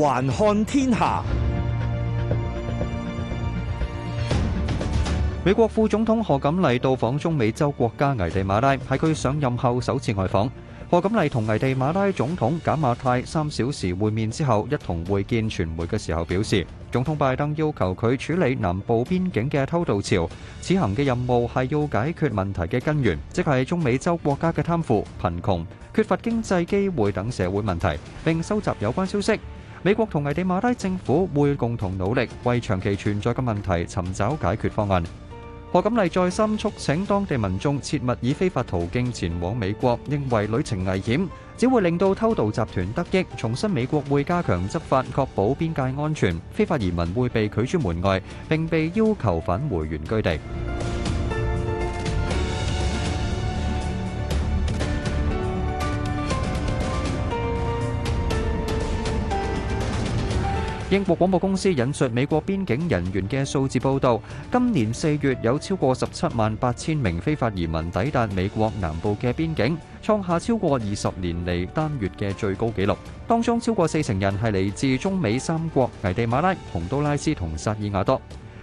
環看天下，美國副總統賀錦麗到訪中美洲國家危地馬拉，係佢上任後首次外訪。賀錦麗同危地馬拉總統賈馬泰三小時會面之後，一同會見傳媒嘅時候表示，總統拜登要求佢處理南部邊境嘅偷渡潮。此行嘅任務係要解決問題嘅根源，即係中美洲國家嘅貪腐、貧窮、缺乏經濟機會等社會問題，並收集有關消息。美國同危地馬拉政府會共同努力，為長期存在嘅問題尋找解決方案。賀錦麗再三促請當地民眾切勿以非法途徑前往美國，認為旅程危險，只會令到偷渡集團得益。重申美國會加強執法，確保邊界安全，非法移民會被拒出門外，並被要求返回原居地。英國廣播公司引述美國邊境人員嘅數字報導，今年四月有超過十七萬八千名非法移民抵達美國南部嘅邊境，創下超過二十年嚟單月嘅最高紀錄。當中超過四成人係嚟自中美三國：危地馬拉、洪都拉斯同薩爾瓦多。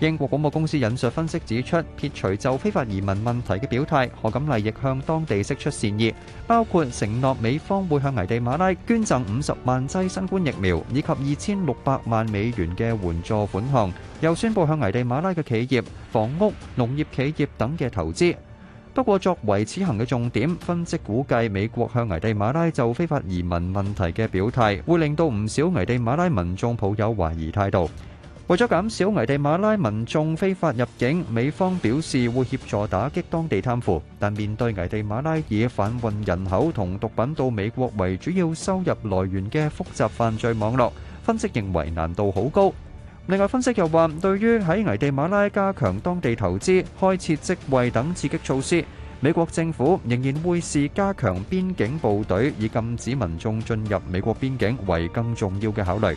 英國廣播公司引述分析指出，撇除就非法移民問題嘅表態，賀錦麗亦向當地釋出善意，包括承諾美方會向危地馬拉捐贈五十萬劑新冠疫苗，以及二千六百萬美元嘅援助款項，又宣布向危地馬拉嘅企業、房屋、農業企業等嘅投資。不過，作為此行嘅重點，分析估計美國向危地馬拉就非法移民問題嘅表態，會令到唔少危地馬拉民眾抱有懷疑態度。為咗減少危地馬拉民眾非法入境，美方表示會協助打擊當地貪腐，但面對危地馬拉以販運人口同毒品到美國為主要收入來源嘅複雜犯罪網絡，分析認為難度好高。另外，分析又話，對於喺危地馬拉加強當地投資、開設職位等刺激措施，美國政府仍然會視加強邊境部隊，以禁止民眾進入美國邊境為更重要嘅考慮。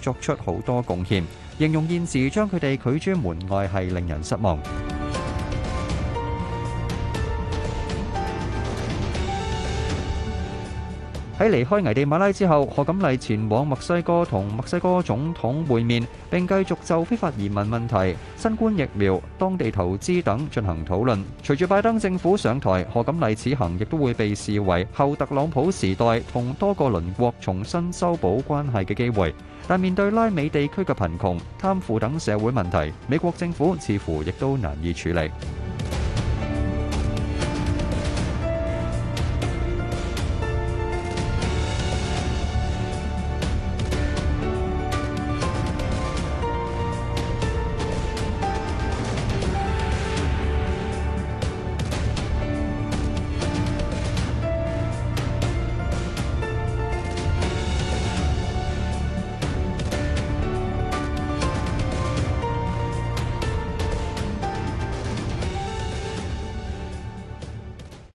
作出好多貢獻，形容現時將佢哋拒諸門外係令人失望。喺離開危地馬拉之後，賀錦麗前往墨西哥同墨西哥總統會面，並繼續就非法移民問題、新冠疫苗、當地投資等進行討論。隨住拜登政府上台，賀錦麗此行亦都會被視為後特朗普時代同多個鄰國重新修補關係嘅機會。但面對拉美地區嘅貧窮、貪腐等社會問題，美國政府似乎亦都難以處理。